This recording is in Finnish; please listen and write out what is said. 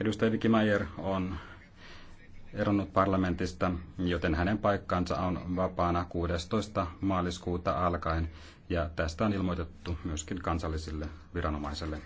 Edustaja Vicky Mayer on eronnut parlamentista, joten hänen paikkansa on vapaana 16. maaliskuuta alkaen, ja tästä on ilmoitettu myöskin kansallisille viranomaisille.